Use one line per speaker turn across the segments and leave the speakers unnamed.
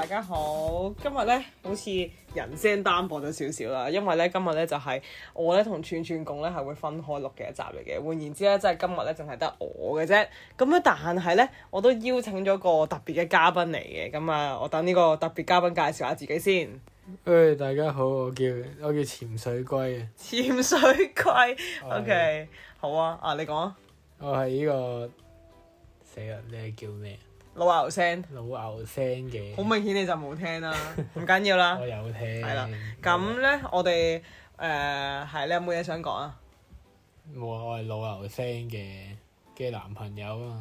大家好，今日咧好似人聲單薄咗少少啦，因為咧今日咧就係我咧同串串貢咧係會分開錄嘅一集嚟嘅。換言之咧，即係今日咧淨係得我嘅啫。咁咧，但係咧我都邀請咗個特別嘅嘉賓嚟嘅。咁啊，我等呢個特別嘉賓介紹下自己先。
誒，大家好，我叫我叫潛水龜啊。
潛水龜，OK，好啊，啊你講、
啊。我係呢、呢個，
死咧，你係叫咩？老牛聲，老牛聲嘅，好明顯你就冇聽啦，唔 緊要啦，我有聽，係啦了，咁咧我哋誒係咧有冇嘢想講啊？
冇啊，我係老牛聲嘅。嘅男朋友
啊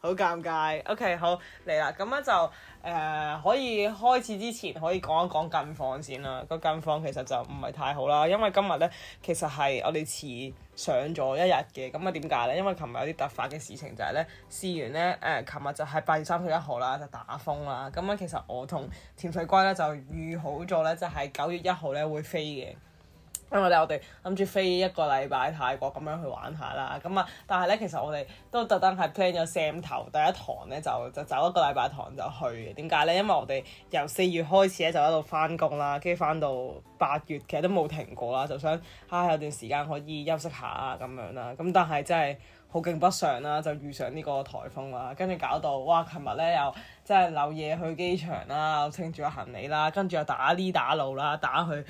好 尷尬。OK，好嚟啦，咁樣就誒、呃、可以開始之前可以講一講近況先啦。個近況其實就唔係太好啦，因為今日呢，其實係我哋遲上咗一日嘅。咁啊點解呢？因為琴日有啲突發嘅事情，就是，就係呢事緣呢，誒、呃，琴日就係八月三十一號啦，就打風啦。咁啊，其實我同潛水龜呢，就預好咗呢，就係九月一號呢會飛嘅。因為咧，我哋諗住飛一個禮拜泰國咁樣去玩下啦。咁啊，但係咧，其實我哋都特登係 plan 咗 sem 頭第一堂咧，就就走一個禮拜堂就去。點解咧？因為我哋由四月開始咧就喺度翻工啦，跟住翻到八月其實都冇停過啦。就想啊、哎，有段時間可以休息下啊咁樣啦。咁但係真係好景不常啦，就遇上呢個颱風啦，跟住搞到哇！琴日咧又～即係漏嘢去機場啦，清住個行李啦，跟住又打呢打路啦，打去誒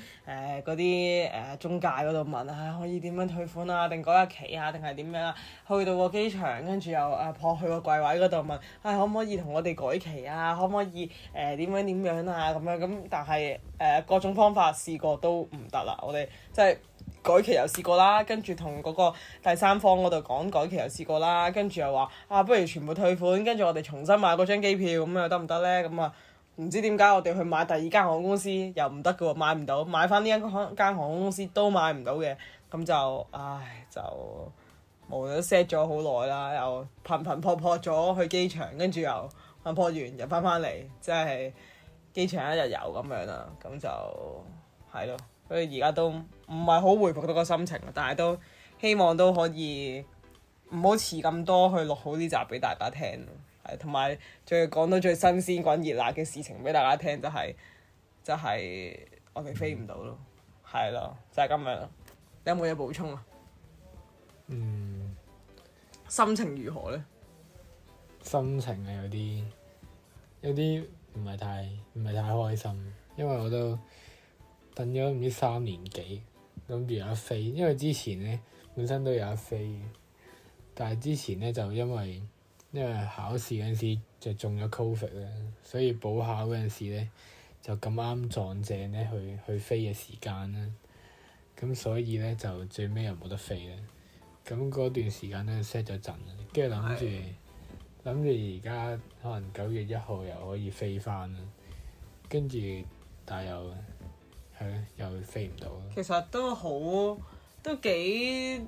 嗰啲誒中介嗰度問啊、哎，可以點樣退款啊，定改日期啊，定係點樣啦、啊？去到個機場，跟住又誒撲、呃、去個櫃位嗰度問，唉、哎，可唔可以同我哋改期啊？可唔可以誒點、呃、樣點樣啊？咁樣咁，但係誒、呃、各種方法試過都唔得啦，我哋即係。即係改期又試過啦，跟住同嗰個第三方嗰度講改期又試過啦，跟住又話啊，不如全部退款，跟住我哋重新買嗰張機票咁又得唔得呢？咁啊，唔知點解我哋去買第二間航空公司又唔得嘅喎，買唔到，買翻呢間間航空公司都買唔到嘅，咁就唉就無論 set 咗好耐啦，又頻頻撲撲咗去機場，跟住又撲完又翻返嚟，真係機場一日遊咁樣啦，咁就係咯，所以而家都～唔係好回復到個心情，但係都希望都可以唔好遲咁多去錄好啲集俾大家聽咯。係，同埋最講到最新鮮、滾熱辣嘅事情俾大家聽，就係就係我哋飛唔到咯。係咯，就係咁樣今日咯。嗯就是，你有冇嘢補充啊？
嗯，
心情如何呢？
心情啊，有啲有啲唔係太唔係太開心，因為我都等咗唔知三年幾。諗住有得飛，因為之前咧本身都有得飛，但係之前咧就因為因為考試嗰陣時就中咗 COVID 咧，所以補考嗰陣時咧就咁啱撞正咧去去，去飛嘅時間啦。咁所以咧就最尾又冇得飛啦。咁嗰段時間咧 set 咗陣，跟住諗住諗住而家可能九月一號又可以飛返啦。跟住但又。係、嗯、又飛
唔到咯。其實都好，都幾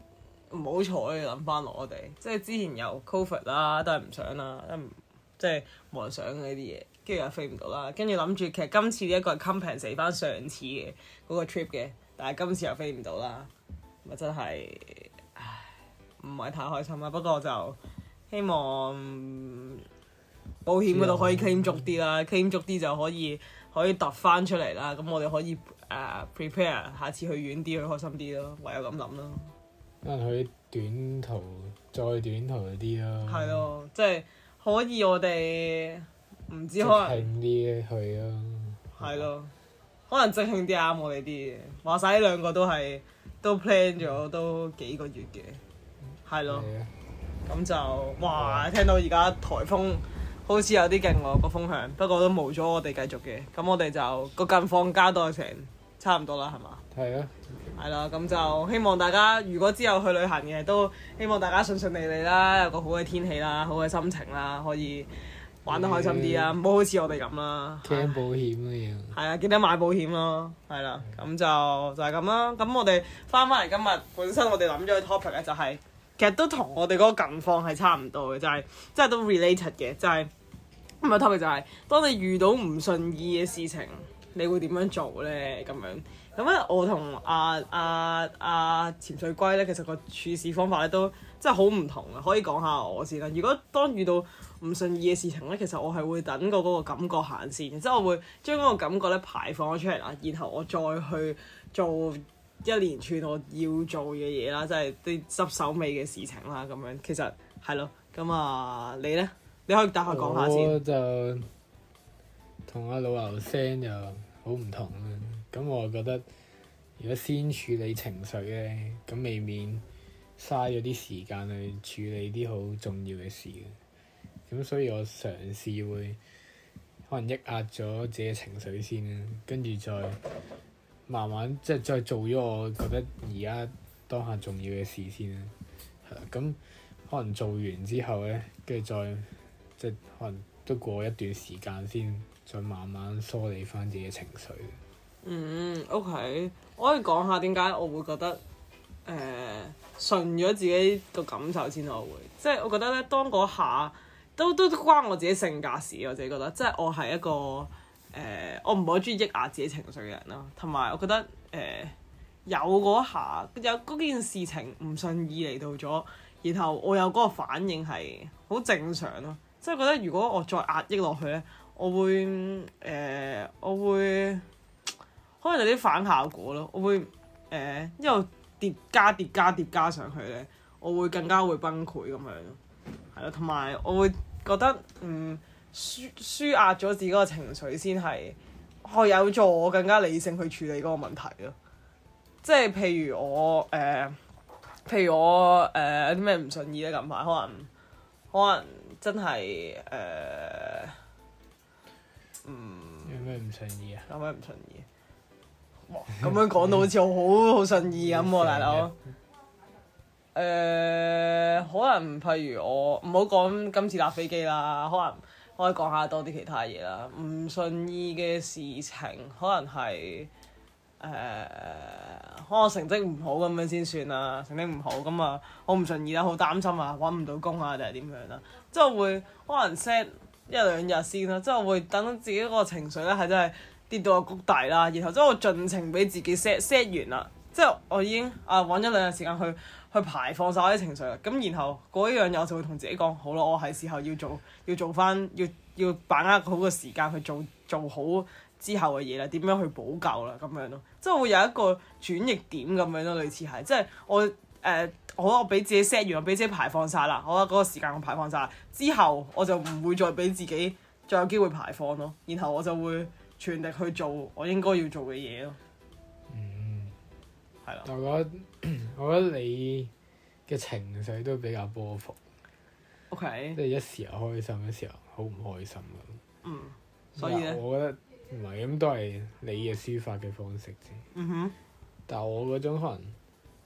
唔好彩嘅。諗翻落我哋，即係之前有 COVID 啦，都係唔想啦，即係冇人想呢啲嘢，跟住又飛唔到啦。跟住諗住，其實今次呢一個係 compensate 翻上次嘅嗰個 trip 嘅，但係今次又飛唔到啦，咪真係，唉，唔係太開心啦。不過就希望保險嗰度可以傾足啲啦，傾、嗯、足啲就可以可以揼翻出嚟啦。咁我哋可以。誒、uh, prepare，下次去遠啲，去開心啲咯。唯有咁諗咯。可
能去短途，
再短途啲咯、啊。係咯，即 係、就是、可以我哋唔知可能近
啲嘅去咯。
係咯，可能即興啲啱我哋啲嘅。話晒呢兩個都係都 plan 咗都幾個月嘅，係咯。咁就哇，聽到而家颱風好似有啲勁喎，個風向不過都冇咗，我哋繼續嘅。咁我哋就個近況多係成。差唔多啦，係嘛？係啊。係、okay. 啦，咁就希望大家如果之後去旅行嘅，都希望大家順順利利啦，有個好嘅天氣啦，好嘅心情啦，可以玩得開心啲、嗯嗯、啊。唔好好似我哋咁啦。驚
保險嘅。
係啊，記得買保險咯。係啦，咁的就就係咁啦。咁我哋返返嚟，今日本身我哋諗咗嘅 topic 咧，就係其實都同我哋嗰個近況係差唔多嘅，就係即係都 related 嘅，就係唔係 topic 就係、就係就係、當你遇到唔順意嘅事情。你會點樣做呢？咁樣咁咧，我同阿阿阿潛水龜呢，其實個處事方法咧都真係好唔同啊！可以講下我先啦。如果當遇到唔順意嘅事情呢，其實我係會等個嗰個感覺行先，即係我會將嗰個感覺咧排放咗出嚟啦，然後我再去做一連串我要做嘅嘢啦，即係啲執手尾嘅事情啦咁樣。其實係咯，咁啊，你呢？你可以打下講下先。我
就同阿老牛聲，好唔同啦、啊，咁我覺得如果先處理情緒咧，咁未免嘥咗啲時間去處理啲好重要嘅事，咁所以我嘗試會可能抑壓咗自己嘅情緒先啦、啊，跟住再慢慢即係再做咗我覺得而家當下重要嘅事先啦、啊，係啦，咁可能做完之後咧，跟住再即係可能都過一段時間先。想慢慢梳理翻自己情緒。
嗯，OK，我可以講下點解我會覺得誒、呃、順咗自己個感受先，我會即係、就是、我覺得咧，當嗰下都都關我自己性格事，我自己覺得即係、就是、我係一個誒、呃，我唔係好中意抑壓自己情緒嘅人咯。同埋我覺得誒、呃、有嗰下有嗰件事情唔順意嚟到咗，然後我有嗰個反應係好正常咯。即、就、係、是、覺得如果我再壓抑落去咧。我會誒、呃，我會可能有啲反效果咯。我會誒，因為疊加疊加疊加上去咧，我會更加會崩潰咁樣，係咯。同埋我會覺得嗯，舒舒壓咗自己嗰個情緒先係可有助我更加理性去處理嗰個問題咯。即係譬如我誒，譬如我有啲咩唔順意咧，近、呃、排、呃、可能可能真係誒。呃
咩唔順意啊？啱啱唔順意，咁 樣講到好似我好好順意咁喎，大佬。
誒，可能譬如我唔好講今次搭飛機啦，可能我可以講下多啲其他嘢啦。唔順意嘅事情，可能係誒，uh, 可能成績唔好咁樣先算啦。成績唔好咁啊，我唔順意啦，好擔心啊，揾唔到工啊，定係點樣啦？即係會可能 set。一兩日先啦，即係我會等自己嗰個情緒咧，係真係跌到個谷底啦。然後即係我盡情俾自己 set set 完啦，即係我已經啊揾咗兩日時間去去排放曬啲情緒啦。咁然後嗰一樣嘢我就會同自己講：好啦，我係時候要做要做翻，要要把握好個時間去做做好之後嘅嘢啦。點樣去補救啦？咁樣咯，即係會有一個轉捩點咁樣咯，類似係即係我誒。呃好，我俾自己 set 完，我俾自己排放曬啦。我嗰個時間我排放晒，之後我就唔會再俾自己再有機會排放咯。然後我就會全力去做我應該要做嘅嘢咯。嗯，係
啦的。但我覺得我覺得你嘅情緒都比較波幅，OK，即係一時又開心，一時又好唔開心咁。嗯，
所以咧，我
覺得唔係咁，都係你嘅抒發嘅方式啫。嗯哼，但係我嗰種可能。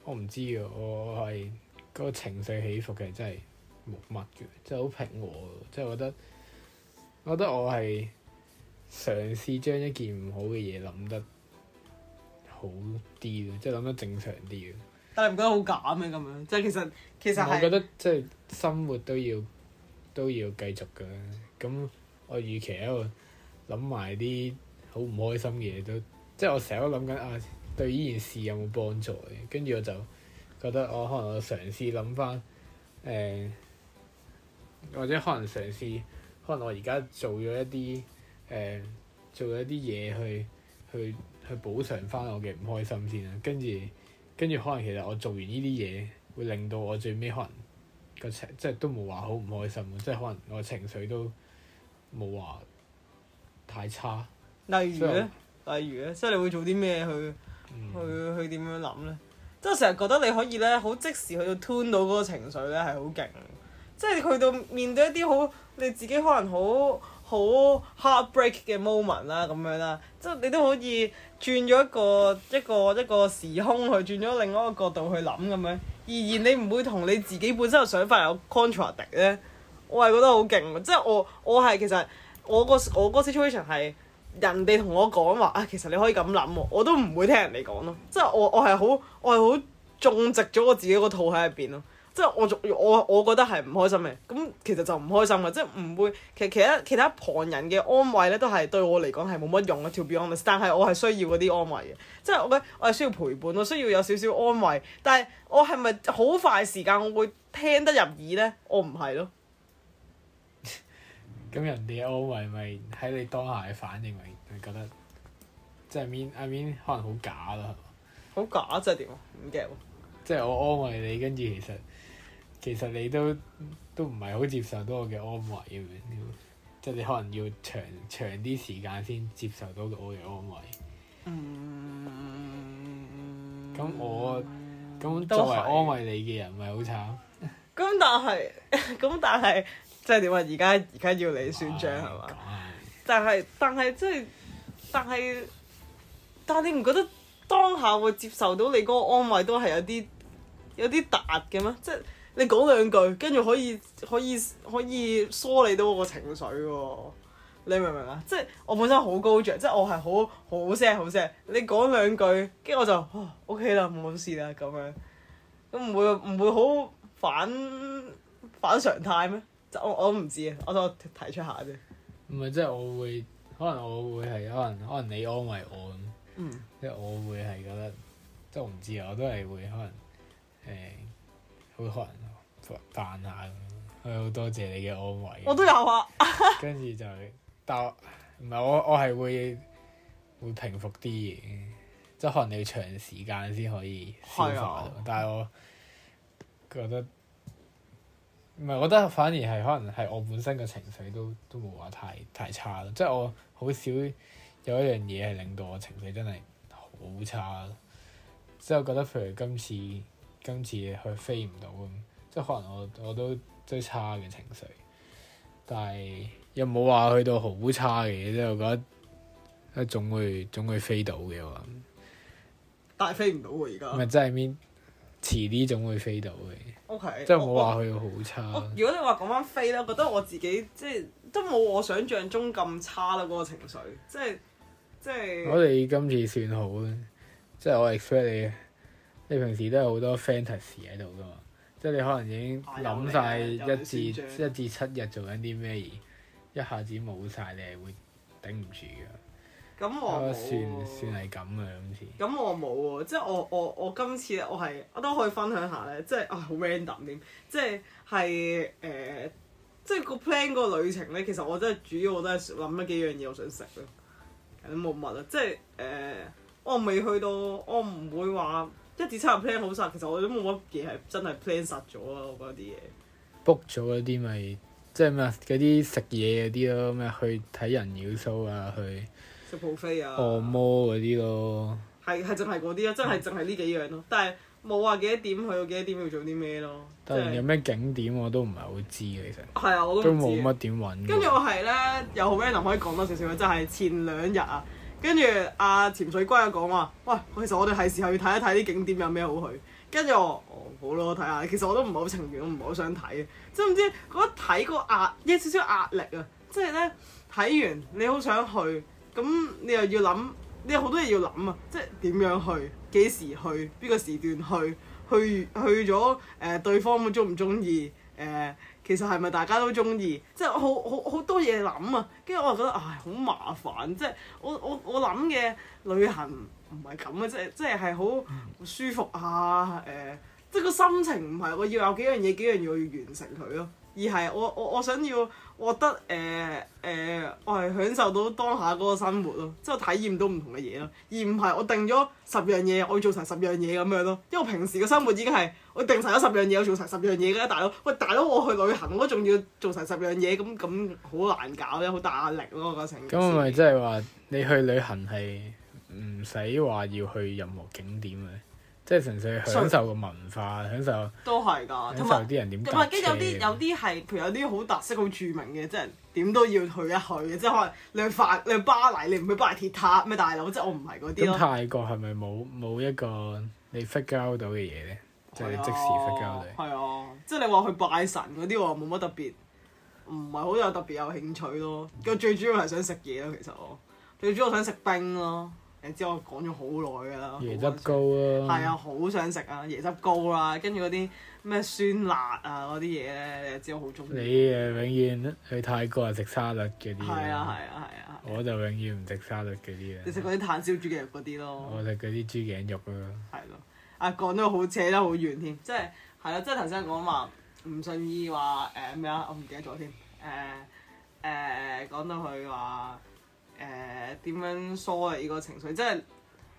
我唔知啊，我我係個情緒起伏嘅，真係冇乜嘅，即係好平和，即係我覺得我覺得我係嘗試將一件唔好嘅嘢諗得好啲咯，即係諗得正常啲嘅。但係唔
覺得好假咩咁樣？即係其實其實我覺得
即係生活都要都要繼續嘅，咁我與其喺度諗埋啲好唔開心嘅嘢都，即係我成日都諗緊啊。對呢件事有冇幫助咧？跟住我就覺得我，我可能我嘗試諗翻誒，或者可能嘗試，可能我而家做咗一啲誒、呃，做咗一啲嘢去去去補償翻我嘅唔開心先啦。跟住跟住，可能其實我做完呢啲嘢，會令到我最尾可能個情，即係都冇話好唔開心，即係可能我情緒都冇話太差。例如
咧，例如咧，即係你會做啲咩去？去去點樣諗呢？即係成日覺得你可以咧，好即時去到 turn 到嗰個情緒咧，係好勁。即係去到面對一啲好你自己可能好好 heartbreak 嘅 moment 啦，咁樣啦，即係你都可以轉咗一個一個一個時空去轉咗另外一個角度去諗咁樣，而而你唔會同你自己本身嘅想法有 contradict 呢？我係覺得好勁。即係我我係其實我個我 situation 係。人哋同我講話啊，其實你可以咁諗，我都唔會聽人哋講咯。即係我我我係好我係好種植咗我自己個肚喺入邊咯。即係我仲我我覺得係唔開心嘅。咁其實就唔開心喇，即係唔會。其實其他其他旁人嘅安慰咧，都係對我嚟講係冇乜用嘅。To be honest，但係我係需要嗰啲安慰嘅。即係我覺得我係需要陪伴咯，我需要有少少安慰。但係我係咪好快時間我會聽得入耳咧？我唔係咯。
咁人哋安慰咪喺你當下嘅反應，咪覺得即係面 I mean I mean，阿面可能好假咯，好
假即係點啊？唔驚！
即係我安慰你，跟住其實其實你都都唔係好接受到我嘅安慰咁樣，即係你可能要長長啲時間先接受到我嘅安慰。嗯。咁我咁作為安慰你嘅人，咪好慘。
咁但係，咁、嗯、但係。嗯嗯。即係點啊？而家而家要你算賬係嘛？但係但係，即係但係，但你唔覺得當下會接受到你嗰個安慰都係有啲有啲突嘅咩？即係你講兩句，跟住可以可以可以，可以梳理到我個情緒喎、哦。你明唔明啊？即係我本身好高漲，即係我係好好 sad 好 sad。你講兩句，跟住我就哇 OK 啦，冇事啦咁樣，都唔會唔會好反反常態咩？我唔知啊，我我，我提出下啫。唔係，即係，我
會，可能我會係可能可能你安慰我咁，即係、嗯、我會係覺得，即係我唔知啊，我都係會可能誒、呃，會可能扮下咁，係好多謝你嘅安慰。我都有啊。 跟住就，但唔係我我係會會平復啲嘅，即、就、係、是、可能你要長時間先可以消化，的但係我覺得。唔係，我覺得反而係可能係我本身嘅情緒都都冇話太太差咯。即係我好少有一樣嘢係令到我情緒真係好差。即係我覺得譬如今次今次去飛唔到咁，即係可能我我都最差嘅情緒。但係又冇話去到好差嘅嘢，即係我覺得總會總會飛到嘅。我諗
但係飛唔到喎，而家。唔係真
係咩？Mean, 遲啲總會飛到嘅，OK，即係冇話佢好差。如果你話講返
飛咧，我覺得我自己即係都冇我想像中咁差啦。嗰個情緒，即係即係。我哋
今次算好啦，即係我 expect 你，你平時都有好多 fantasy 喺度㗎嘛。即係你可能已經諗晒一至一至七日做緊啲咩，一下子冇晒，你係會頂唔住㗎。
咁我冇，算
算係咁啊！今次
咁我冇喎，即係我我我今次咧，我係我都可以分享下咧，即係啊好 random 點，即係係誒，即係個 plan 個旅程咧，其實我真係主要我都係諗咗幾樣嘢我想食咯，都冇乜啊，即係誒、呃，我未去到，我唔會話一至七日 plan 好晒。其實我都冇乜嘢係真係 plan 曬咗啊！我覺得啲嘢
book 咗嗰啲咪即係咩嗰啲食嘢嗰啲咯，咩去睇人妖 show 啊去飛啊、oh，按摩嗰啲咯，
係係，淨係嗰啲咯，真係淨係呢幾樣咯。嗯、但係冇話幾多點去，幾多點要做啲咩咯。但係、就
是、有咩景點我都唔係好知嘅，其實。係、哦、啊，我都冇乜點揾。跟住
我係咧，有好 f r、um、可以講多少少，就係、是、前兩日啊，跟住阿潛水龜啊講話，喂，其實我哋係時候要睇一睇啲景點有咩好去。跟住我，哦，好咯，睇下。其實我都唔係好情願，唔係好想睇嘅，知唔知？覺得睇個壓，有少少壓力啊。即係咧，睇完你好想去。咁你又要諗，你有好多嘢要諗啊！即係點樣去，幾時去，邊個時段去，去去咗誒、呃、對方會中唔中意誒？其實係咪大家都中意？即係好好好多嘢諗啊！跟住我又覺得唉，好、哎、麻煩！即係我我我諗嘅旅行唔係咁啊！即係即係係好舒服啊！誒、呃，即係個心情唔係，我要有幾樣嘢幾樣嘢要完成佢咯。而係我我我想要、呃呃、我覺得誒誒我係享受到當下嗰個生活咯，即係體驗到唔同嘅嘢咯，而唔係我定咗十樣嘢，我要做成十樣嘢咁樣咯。因為我平時嘅生活已經係我定成咗十樣嘢，我做成十樣嘢嘅啦，大佬。喂，大佬我去旅行我仲要做成十樣嘢，咁咁好難搞咧，好大壓力咯，我個性格。咁咪即
係話你去旅行係唔使話要去任何景點嘅？即係純粹享受個文化，以享受都
係㗎，同埋啲人點？同埋跟住有啲有啲係，譬如有啲好特色、好著名嘅，即係點都要去一去嘅。即係可能你去法，你去巴黎，你唔去巴黎鐵塔咩大佬？即係我唔係嗰啲咯。咁泰
國係咪冇冇一個你 figure out 到嘅嘢咧？即係、啊、即時 figure out 係
啊，啊！即係你話去拜神嗰啲，我冇乜特別，唔係好有特別有興趣咯。個最主要係想食嘢咯，其實我最主要想食冰咯。你知
我講咗好耐㗎喇，椰汁糕啊，係
啊，好想食啊，椰汁糕啊，跟住嗰啲咩酸辣啊嗰啲嘢咧，你知我好中意。你
誒永遠去泰國係食沙律嗰啲。係啊係啊係啊！啊啊啊我就永遠唔食沙律嗰啲啊。你食嗰
啲炭燒豬嘅肉嗰啲咯。我
食嗰啲豬頸肉啊。係咯，
啊講到好扯得好遠添，即係係咯，即係頭先講話唔順意話誒咩啊，我唔記得咗添，誒誒講到佢話。誒點、呃、樣梳啊？依個情緒即係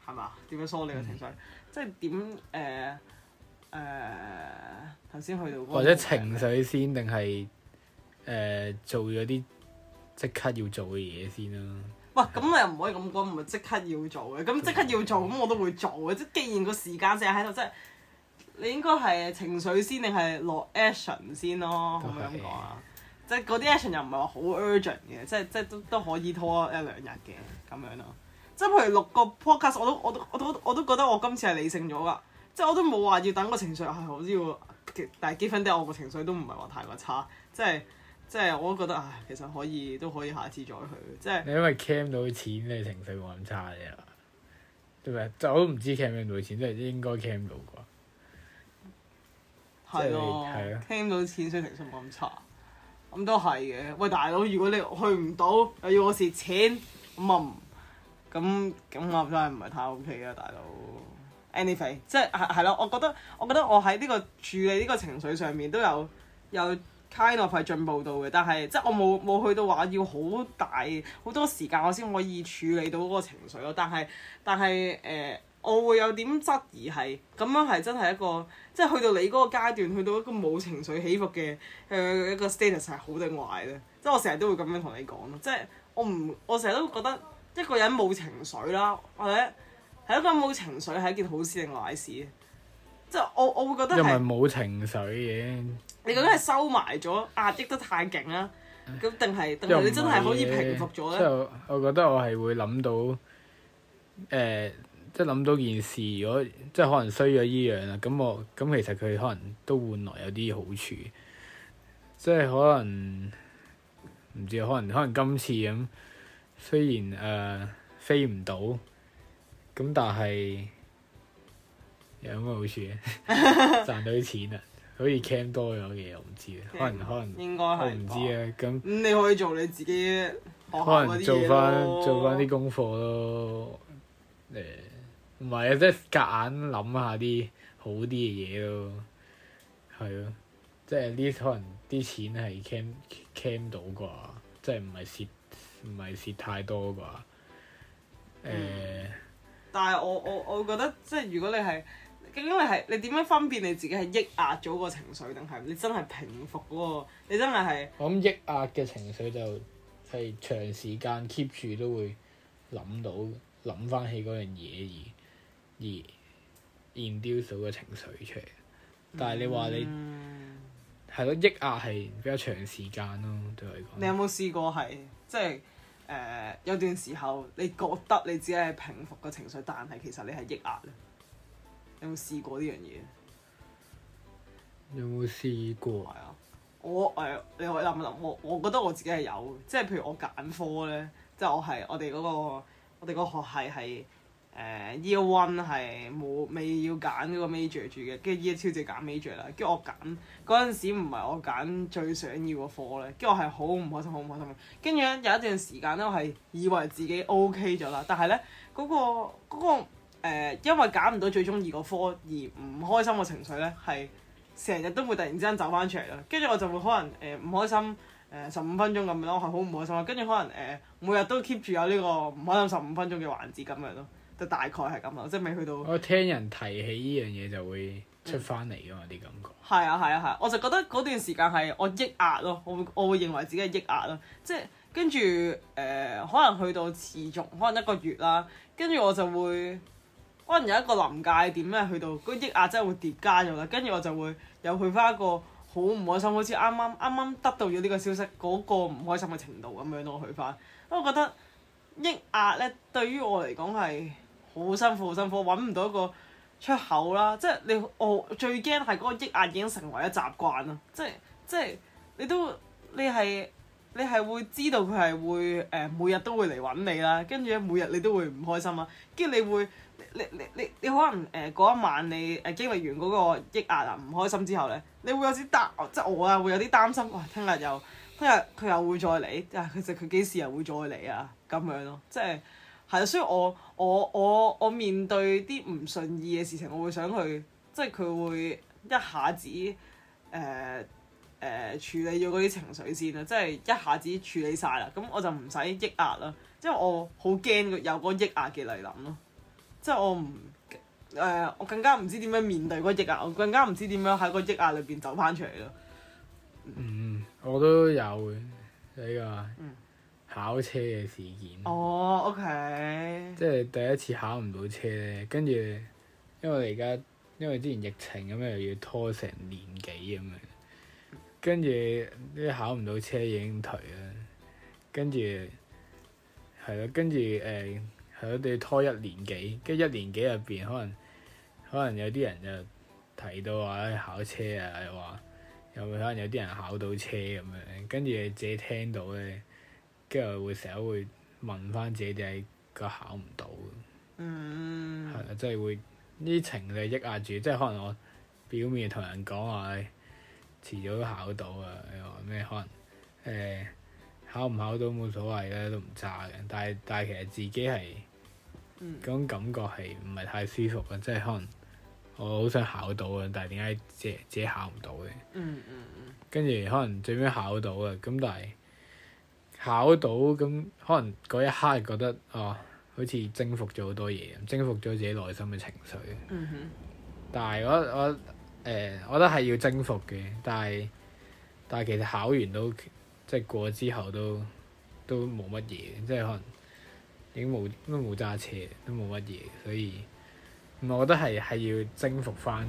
係嘛？點樣梳你個情緒？即係點誒誒頭先去到或者情
緒先定係誒做咗啲即刻要做嘅嘢先咯？
哇！咁你又唔可以咁講，唔係即刻要做嘅。咁即刻要做，咁、嗯、我都會做嘅。即係既然個時間淨係喺度，即係你應該係情緒先定係落 action 先咯？是可唔可以咁講啊？即係嗰啲 action 又唔係話好 urgent 嘅，即係即係都都可以拖一,一兩日嘅咁樣咯。即係譬如錄個 podcast，我都我都我都我都，我都覺得我今次係理性咗噶。即係我都冇話要等個情緒係好、哎、要，但係結婚 day 我個情緒都唔係話太過差。即係即係我都覺得啊，其實可以都可以下次再去。
即係你因為 cam 到錢，你情緒冇咁差啫嘛？對，就我都唔知 cam 到錢，即係應該 cam 到啩？
係啊，cam 到錢，所以情緒冇咁差。咁都係嘅，喂，大佬，如果你去唔到又要我蝕錢，咁咁咁我真係唔係太 OK 啊，大佬。Anyway，即係係咯，我覺得我覺得我喺呢個處理呢個情緒上面都有有 kind of 係進步到嘅，但係即係我冇冇去到話要好大好多時間我先可以處理到嗰個情緒咯，但係但係誒。呃我會有點質疑係咁樣係真係一個，即係去到你嗰個階段，去到一個冇情緒起伏嘅誒、呃、一個 status 係好定壞嘅。即係我成日都會咁樣同你講咯，即係我唔我成日都會覺得一個人冇情緒啦，或者係一個人冇情緒係一件好事定壞事？即係我我會覺得係
冇情緒嘅，你
究竟係收埋咗壓抑得太勁啦，咁定係定係你真係可以平復咗咧？即係、嗯嗯
嗯嗯、我覺得我係會諗到誒。嗯即係諗到件事，如果即係可能衰咗呢樣啦，咁我咁其實佢可能都換來有啲好處，即係可能唔知可能可能今次咁，雖然誒、呃、飛唔到，咁但係有咩好處咧？ 賺到啲錢啊！好似 cam 多咗嘅，我唔知可能可能應該係我唔知啊。咁
你可以做你自己，可能做翻做
翻啲功課咯，誒、呃。唔係啊，即係夾硬諗下啲好啲嘅嘢咯，係咯，即係呢可能啲錢係 cam cam 到啩，即係唔係蝕唔係蝕太多啩？
誒、嗯，嗯、但係我我我覺得即係如果你係，因為係你點樣分辨你自己係抑壓咗個情緒定係你真係平復喎？你真係
係，我諗抑壓嘅情緒就係長時間 keep 住都會諗到諗翻起嗰樣嘢而。而而掉咗個情緒出嚟，但係你話你係咯、嗯，抑壓係比較長時間咯，對我嚟講。
你有冇試過係即係誒、呃、有段時候你覺得你自己係平復個情緒，但係其實你係抑壓咧？有冇試過呢樣嘢？
有冇試過啊？
我誒、呃，你可以諗一諗，我我覺得我自己係有，即係譬如我揀科咧，即係我係我哋嗰、嗰個我哋個學系係。誒、uh, year one 係冇未要揀嗰個 major 住嘅，跟住 year two 就揀 major 啦。跟住我揀嗰陣時唔係我揀最想要嘅科咧，跟住我係好唔開心，好唔開心。跟住咧有一段時間咧，我係以為自己 OK 咗啦，但係咧嗰個嗰個、嗰個、呃、因為揀唔到最中意個科而唔開心嘅情緒咧，係成日都會突然之間走翻出嚟啦。跟住我就會可能誒唔開心、呃、誒十五分鐘咁樣，我係好唔開心啦。跟住可能誒、呃、每日都 keep 住有呢個唔開心十五分鐘嘅環節咁樣咯。就大概係咁咯，即係未去到。我聽人
提起呢樣嘢就會出翻嚟噶嘛啲感覺。
係啊係啊係啊，我就覺得嗰段時間係我抑壓咯，我會我會認為自己係抑壓咯，即係跟住誒可能去到持續可能一個月啦，跟住我就會可能有一個臨界點咧，去到嗰抑壓真係會疊加咗啦，跟住我就會有去翻一個好唔開心，好似啱啱啱啱得到咗呢個消息嗰唔開心嘅程度咁樣咯去翻，因為我覺得抑壓咧對於我嚟講係。好辛苦，好辛苦，揾唔到一個出口啦！即係你，我、哦、最驚係嗰個抑壓已經成為一習慣啦！即係即係你都你係你係會知道佢係會誒、呃、每日都會嚟揾你啦，跟住每日你都會唔開心啦。跟住你會你你、你、你、你可能誒嗰、呃、一晚你誒經歷完嗰個抑壓啊唔開心之後呢，你會有啲擔，即係我啊會有啲擔心，哇！聽日又聽日佢又會再嚟，但係其實佢幾時又會再嚟啊？咁樣咯，即係。係啊，所以我我我我面對啲唔順意嘅事情，我會想去，即係佢會一下子誒誒、呃呃、處理咗嗰啲情緒先啦，即係一下子處理晒啦，咁我就唔使抑壓啦，即係我好驚有嗰個抑壓嘅嚟臨咯，即係我唔誒、呃，我更加唔知點樣面對嗰抑壓，我更加唔知點樣喺個抑壓裏邊走翻出嚟咯。嗯，
我都有嘅，你啊。嗯考車嘅事件，哦，oh, okay. 即係第一次考唔到車咧。跟住，因為而家因為之前疫情咁樣，又要拖成年幾咁樣。跟住啲考唔到車已經頹啦，跟住係啦，跟住誒，係、呃、咯，都要拖一年幾。跟一年幾入邊，可能可能有啲人就提到話、哎：，考車啊，又話又可能有啲人考到車咁樣。跟住自己聽到咧。跟住會成日會問翻自己點解個考唔到嘅，係啊、嗯，即係會呢啲情緒抑壓住，即係可能我表面同人講話、哎、遲早都考到啊，又咩可能誒、哎、考唔考到冇所謂啦，都唔差嘅。但係但係其實自己係嗰種感覺係唔係太舒服嘅，即係可能我好想考到嘅，但係點解自己自己考唔到嘅？嗯嗯，跟住可能最尾考到啊，咁但係。考到咁，可能嗰一刻係覺得哦，好似征服咗好多嘢，征服咗自己內心嘅情緒。嗯哼。但係我我誒，我都係、呃、要征服嘅，但係但係其實考完都即係過之後都都冇乜嘢，即係可能已經冇都冇揸車，都冇乜嘢，所以唔係我覺得係係要征服翻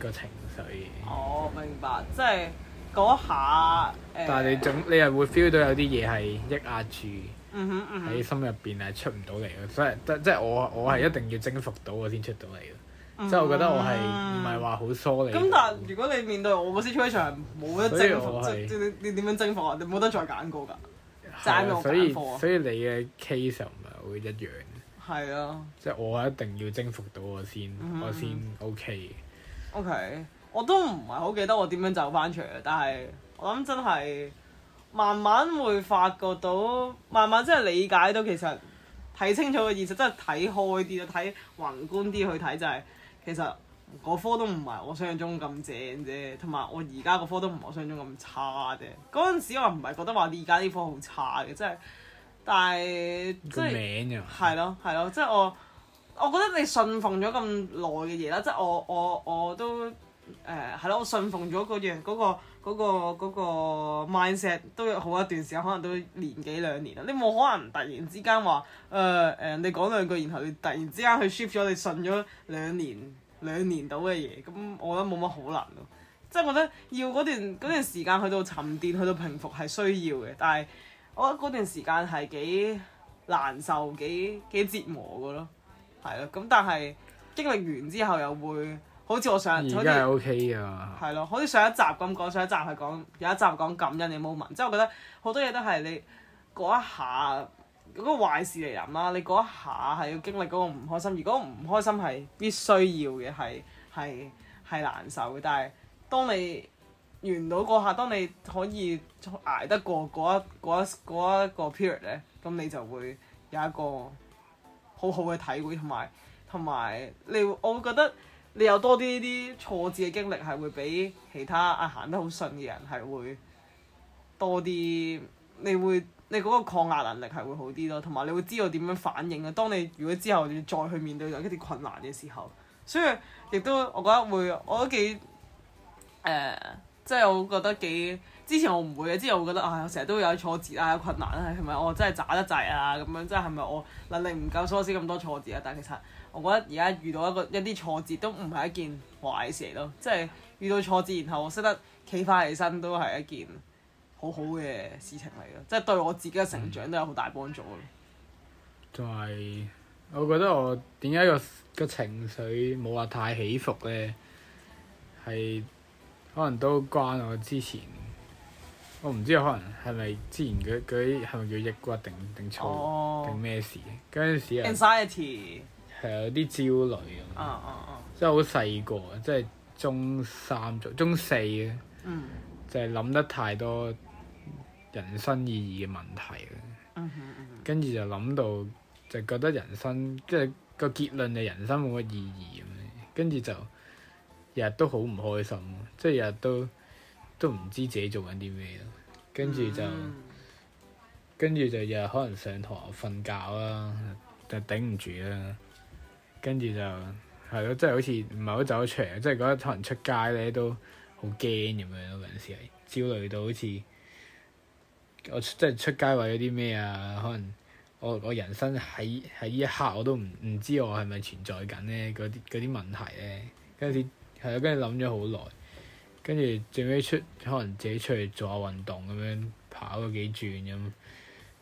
個情緒。
我、哦、明白，即係。嗰下，呃、但係你
總你係會 feel 到有啲嘢係抑壓住喺、嗯嗯、心入邊係出唔到嚟咯。所以，即即我我係一定要征服到我先出到嚟咯。嗯、哼即係我覺得我係唔係話好疏離。咁但
係如果你面對我個 situation，冇得征服，我即你點樣征服啊？你
冇得再揀過㗎，啊，所以所以你嘅 case 唔係會一樣。係啊，嗯
哼，
即係我一定要征服到我先，嗯、哼我先 OK。
OK。我都唔係好記得我點樣走翻出嚟，但係我諗真係慢慢會發覺到，慢慢真係理解到其實睇清楚、就係就係、個現實，真係睇開啲咯，睇宏觀啲去睇就係其實嗰科都唔係我想像中咁正啫，同埋我而家個科都唔係我想像中咁差啫。嗰陣時我唔係覺得話而家呢科好差嘅，真係，但係即係係咯係咯，即係、就係、我我覺得你信奉咗咁耐嘅嘢啦，即、就、係、係、我我我都。誒係咯，我信奉咗嗰樣嗰個嗰、嗰個嗰、嗰個嗰個 mindset，都有好一段時間，可能都年幾兩年啦。你冇可能突然之間話誒誒，你講兩句，然後你突然之間去 shift 咗你信咗兩年兩年到嘅嘢，咁、嗯、我覺得冇乜可能咯。即、就、係、係、覺得要嗰段段時間去到沉澱，去到平復係需要嘅，但係我覺得嗰段時間係幾難受、幾幾折磨嘅咯。係咯，咁、嗯、但係經歷完之後又會。好似我上，而家 O
K 啊，係
咯，好似上一集咁講，上一集係講有一集講感恩嘅 moment。即係我覺得好多嘢都係你嗰一下嗰個壞事嚟臨啦，你嗰一下係要經歷嗰個唔開心，如果唔開心係必須要嘅，係係係難受嘅。但係當你完到嗰下，當你可以捱得過嗰一一一個 period 咧，咁你就會有一個好好嘅體會，同埋同埋你我會覺得。你有多啲呢啲挫折嘅經歷，係會比其他啊行得好順嘅人係會多啲，你會你嗰個抗壓能力係會好啲咯，同埋你會知道點樣反應啊。當你如果之後要再去面對一啲困難嘅時候，所以亦都我覺得會，我都幾誒。呃即係我覺得幾，之前我唔會嘅，之後我覺得，唉、啊，成日都有挫折啊，有困難係係啊，係咪我真係渣得滯啊？咁樣即係係咪我能力唔夠，所以先咁多挫折啊？但係其實我覺得而家遇到一個一啲挫折都唔係一件壞事嚟咯。即係遇到挫折，然後我識得企翻起身，都係一件好好嘅事情嚟嘅。即係對我自己嘅成長都有好大幫助咯。
同埋、嗯、我覺得我點解個個情緒冇話太起伏咧？係。可能都關我之前，我唔知可能係咪之前嗰啲係咪叫抑鬱定定錯定咩事？嗰陣時啊，係啊，有啲焦慮啊、oh, oh, oh.，即係好細個，即係中三中四啊，mm. 就係諗得太多人生意義嘅問題跟住，mm hmm, mm hmm. 就諗到就覺得人生即係個結論就人生冇乜意義咁跟住就。日日都好唔開心，即係日日都都唔知自己做緊啲咩。跟住就跟住、嗯、就日日可能上堂瞓覺啦，就頂唔住啦。跟住就係咯，即係好似唔係好走得出嘅，即係覺得可能出街咧都好驚咁樣。有嗰陣時係焦慮到好似我即係出街為咗啲咩啊？可能我我人生喺喺呢一刻我都唔唔知我係咪存在緊咧？嗰啲啲問題咧，嗰陣係啊，跟住諗咗好耐，跟住最尾出可能自己出去做下運動咁樣，跑咗幾轉咁，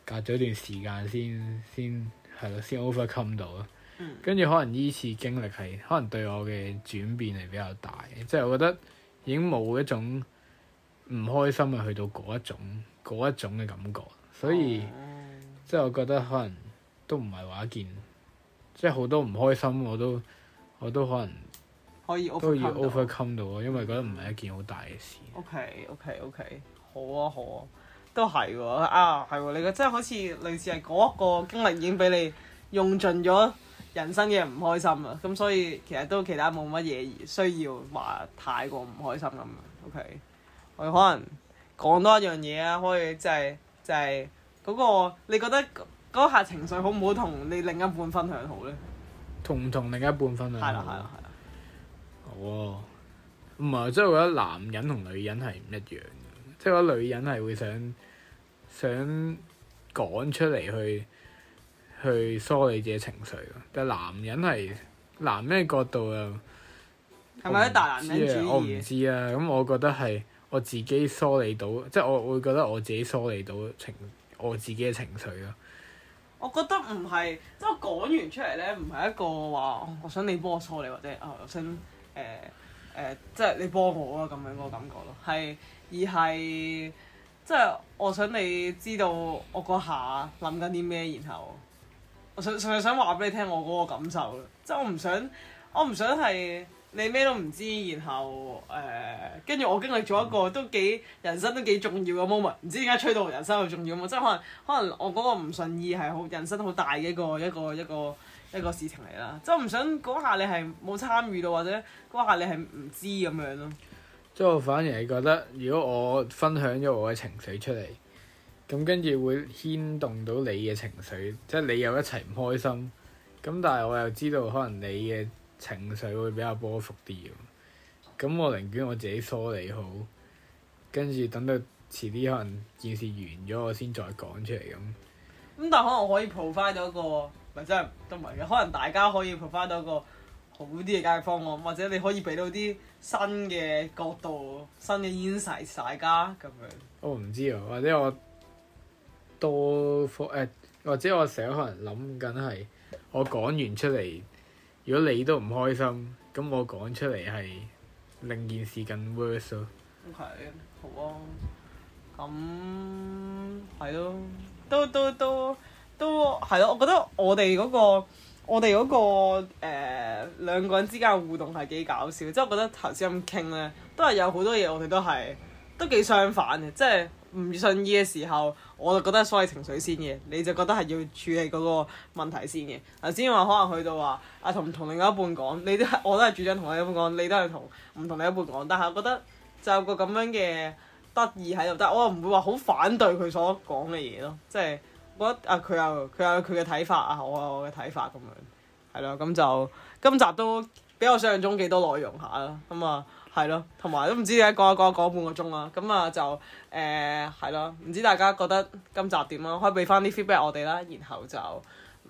隔咗段時間先先係咯，先 overcome 到咯。跟住可能呢次經歷係可能對我嘅轉變係比較大嘅，即係我覺得已經冇一種唔開心啊去到嗰一種嗰一種嘅感覺，所以、oh. 即係我覺得可能都唔係話一件，即係好多唔開心我都我都可能。
可以都 overcome 到、okay,
okay, okay. 啊，因為覺得唔係一件好大嘅事。
O K O K O K，好啊好啊，都係喎啊，係喎，你覺真係好似類似係嗰一個經歷已經俾你用盡咗人生嘅唔開心啊，咁所以其實都其他冇乜嘢需要話太過唔開心咁。O、okay, K，我可能講多一樣嘢啊，可以即係就係、是、嗰、就是那個你覺得嗰下情緒好唔好同你另一半分享好咧？
同唔同另一半分享好？係啦係啦唔係，即係我覺得男人同女人係唔一樣嘅，即係我覺得女人係會想想講出嚟去去梳理自己情緒，但係男人係男咩角度又
係咪啲大男人主義？我唔
知啦，咁我覺得係我自己梳理到，即係我會覺得我自己梳理到情我自己嘅情緒咯。我
覺得唔係，即係我講完出嚟咧，唔係一個話我想你幫我梳理或者啊我想。誒誒、呃呃，即係你幫我啊咁樣個感覺咯，係而係即係我想你知道我個下諗緊啲咩，然後我純粹想話俾你聽我嗰個感受，即係我唔想我唔想係你咩都唔知，然後誒跟住我經歷咗一個都幾人生都幾重要嘅 moment，唔知點解吹到人生好重要啊嘛？即係可能可能我嗰個唔順意係好人生好大嘅一個一個一個。一個一個一個一個事情嚟啦，就唔想嗰下你
係冇參與到或者嗰下你係唔知咁樣咯。即係我反而係覺得，如果我分享咗我嘅情緒出嚟，咁跟住會牽動到你嘅情緒，即係你又一齊唔開心。咁但係我又知道可能你嘅情緒會比較波幅啲咁，我寧願我自己梳理好，跟住等到遲啲可能件事完咗，我先再講出嚟咁。
咁但可能可以 provide 到一個，咪真係都唔係嘅。可能大家可以 provide 到一個好啲嘅解決方案，或者你可以俾到啲新嘅角度、新嘅 insight 大家咁
樣。我唔、哦、知啊，或者我多方、呃、或者我成日可能諗緊係我講完出嚟，如果你都唔開心，咁我講出嚟係令件事更 worse 咯。
O.K. 好啊，咁係咯。都都都都係咯！我覺得我哋嗰、個我哋嗰、個誒兩、呃、個人之間嘅互動係幾搞笑，即、就係、我覺得頭先咁傾咧，都係有好多嘢我哋都係都幾相反嘅，即係唔順意嘅時候，我就覺得所謂情緒先嘅，你就覺得係要處理嗰個問題先嘅。頭先話可能去到話啊，同唔同另外一半講，你都我都係主張同另一半講，你都係同唔同另一半講，但係我覺得就有個咁樣嘅得意喺度，但係我又唔會話好反對佢所講嘅嘢咯，即係覺得啊，佢又佢有佢嘅睇法啊，我有我嘅睇法咁樣，係咯，咁就今集都比我想象中幾多內容下啦，咁啊係咯，同埋都唔知點解講一講講半個鐘啦，咁、嗯、啊就誒係咯，唔、呃、知大家覺得今集點啦？可以俾翻啲 feedback 我哋啦，然後就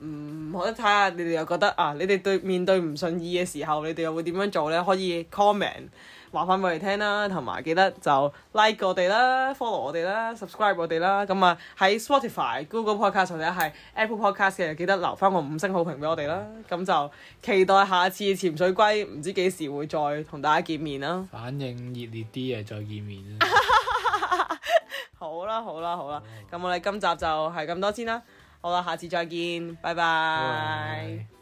嗯可以睇下你哋又覺得啊，你哋對面對唔順意嘅時候，你哋又會點樣做咧？可以 comment。話返俾我哋聽啦，同埋記得就 like 我哋啦，follow 我哋啦，subscribe 我哋啦，咁啊喺 Spotify、Google Podcasts，或者係 Apple Podcast 嘅記得留翻個五星好評俾我哋啦，咁就期待下次潛水龜唔知幾時會再同大家見面啦。反應熱烈啲啊，再見面啊！ 好啦好啦好啦了，咁我哋今集就係咁多先啦，好啦，下次再見，拜拜。拜拜。